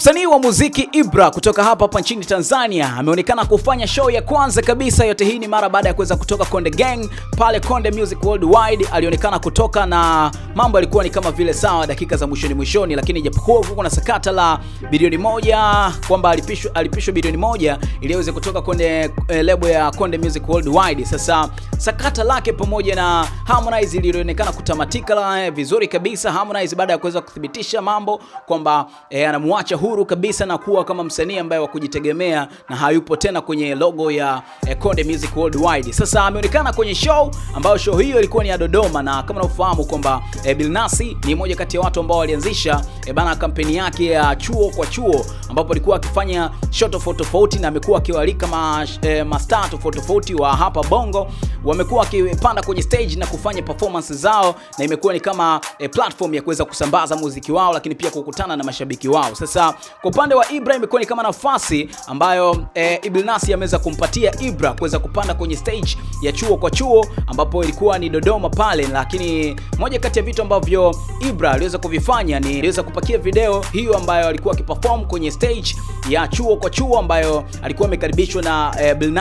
Msanii wa muziki Ibra kutoka hapa hapa nchini Tanzania ameonekana kufanya show ya kwanza kabisa. Yote hii ni mara baada ya kuweza kutoka Konde Gang pale Konde Music Worldwide. Alionekana kutoka na mambo yalikuwa ni kama vile sawa dakika za mwishoni mwishoni, lakini japokuwa kuna sakata la bilioni moja kwamba alipishwa alipishwa bilioni moja ili aweze kutoka Konde eh, lebo ya Konde Music Worldwide. Sasa sakata lake pamoja na Harmonize lilionekana kutamatika la, eh, vizuri kabisa. Harmonize baada ya kuweza kuthibitisha mambo kwamba eh, anamwacha huru kabisa na kuwa kama msanii ambaye wa kujitegemea na hayupo tena kwenye logo ya eh, Konde Music Worldwide. Sasa ameonekana kwenye show ambayo show hiyo ilikuwa ni ya Dodoma, na kama unafahamu kwamba eh, Bilnasi ni mmoja kati ya watu ambao walianzisha eh, bana kampeni yake ya chuo kwa chuo, ambapo alikuwa akifanya show tofauti tofauti na amekuwa akiwalika ma, eh, mastaa tofauti tofauti wa hapa Bongo, wamekuwa wakipanda kwenye stage na kufanya performance zao, na imekuwa ni kama e, platform ya kuweza kusambaza muziki wao, lakini pia kukutana na mashabiki wao. Sasa kwa upande wa Ibra imekuwa ni kama nafasi ambayo e, eh, Ibn ameweza kumpatia Ibra kuweza kupanda kwenye stage ya chuo kwa chuo ambapo ilikuwa ni Dodoma pale, lakini moja kati ya vitu ambavyo Ibra aliweza kuvifanya ni aliweza kupakia video hiyo ambayo alikuwa akiperform kwenye stage ya chuo kwa chuo ambayo alikuwa amekaribishwa na e, eh, Ibn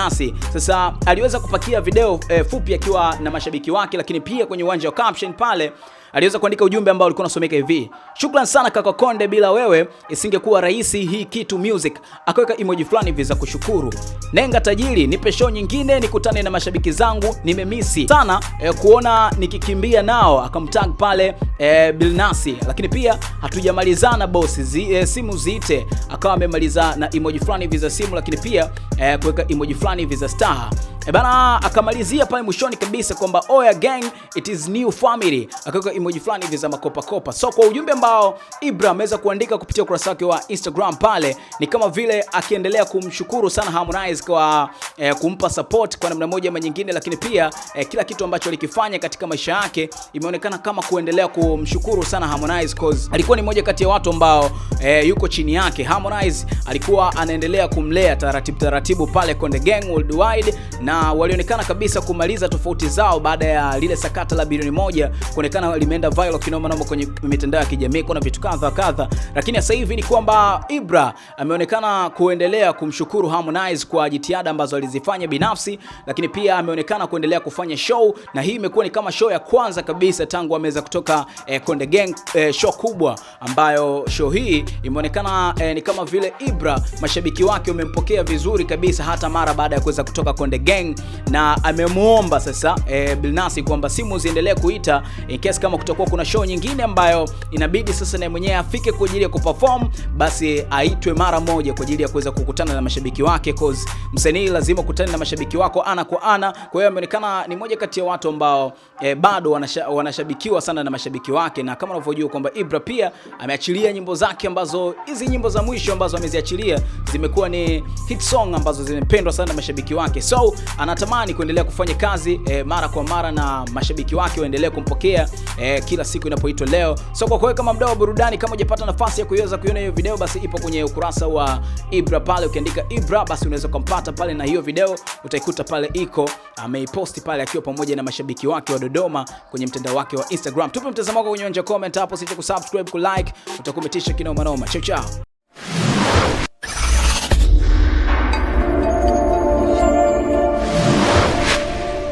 Sasa aliweza kupakia video e, fupi akiwa na mashabiki wake, lakini pia kwenye uwanja wa caption pale aliweza kuandika ujumbe ambao ulikuwa unasomeka hivi: shukran sana kaka Konde, bila wewe isingekuwa rahisi hii kitu music. Akaweka emoji fulani hivi za kushukuru. Nenga tajiri, nipe show nyingine nikutane na mashabiki zangu, nimemisi sana eh, kuona nikikimbia nao. Akamtag pale eh, Bilnasi, lakini pia hatujamalizana bosi zi, eh, simu ziite. Akawa amemaliza na emoji fulani hivi za simu, lakini pia eh, kuweka emoji fulani hivi za star E bana, akamalizia pale mwishoni kabisa kwamba Oya oh gang it is new family, akaweka emoji fulani hivi za makopa kopa. So kwa ujumbe ambao Ibra ameweza kuandika kupitia ukurasa wake wa Instagram pale ni kama vile akiendelea kumshukuru sana Harmonize kwa eh, kumpa support kwa namna moja ama nyingine, lakini pia eh, kila kitu ambacho alikifanya katika maisha yake imeonekana kama kuendelea kumshukuru sana Harmonize cause alikuwa ni moja kati ya watu ambao eh, yuko chini yake. Harmonize alikuwa anaendelea kumlea taratibu taratibu pale Konde Gang worldwide na walionekana kabisa kumaliza tofauti zao baada ya lile sakata la bilioni moja kuonekana limeenda viral kinoma noma kwenye mitandao ya kijamii, kuna vitu kadha kadha, lakini sasa hivi ni kwamba Ibra ameonekana kuendelea kumshukuru Harmonize kwa jitihada ambazo alizifanya binafsi, lakini pia ameonekana kuendelea kufanya show, na hii imekuwa ni kama show ya kwanza kabisa tangu ameweza kutoka eh, Konde Gang eh, show kubwa ambayo show hii imeonekana eh, ni kama vile Ibra mashabiki wake wamempokea vizuri kabisa hata mara baada ya kuweza kutoka Konde Gang Dieng na amemuomba sasa e, eh, Bilnasi kwamba simu ziendelee kuita in case kama kutakuwa kuna show nyingine ambayo inabidi sasa naye mwenyewe afike kwa ajili ya kuperform, basi aitwe mara moja kwa ajili ya kuweza kukutana na mashabiki wake, cause msanii lazima kukutana na mashabiki wako ana kwa ana. Kwa hiyo ameonekana ni moja kati ya watu ambao e, bado wanasha, wanashabikiwa sana na mashabiki wake, na kama unavyojua kwamba Ibra pia ameachilia nyimbo zake ambazo hizi nyimbo za mwisho ambazo ameziachilia zimekuwa ni hit song ambazo zimependwa sana na mashabiki wake so anatamani kuendelea kufanya kazi e, mara kwa mara na mashabiki wake waendelee kumpokea e, kila siku inapoitwa leo. So kwa kweli kama mdau wa burudani, kama hujapata nafasi ya kuweza kuiona hiyo video, basi ipo kwenye ukurasa wa Ibra pale, ukiandika Ibra basi unaweza kumpata pale, na hiyo video utaikuta pale iko ameiposti pale akiwa pamoja na mashabiki wake wa Dodoma kwenye mtandao wake wa Instagram. Tupe mtazamo wako kwenye uwanja comment hapo, sije kusubscribe, kulike, utakumetisha kinoma noma. Chao chao.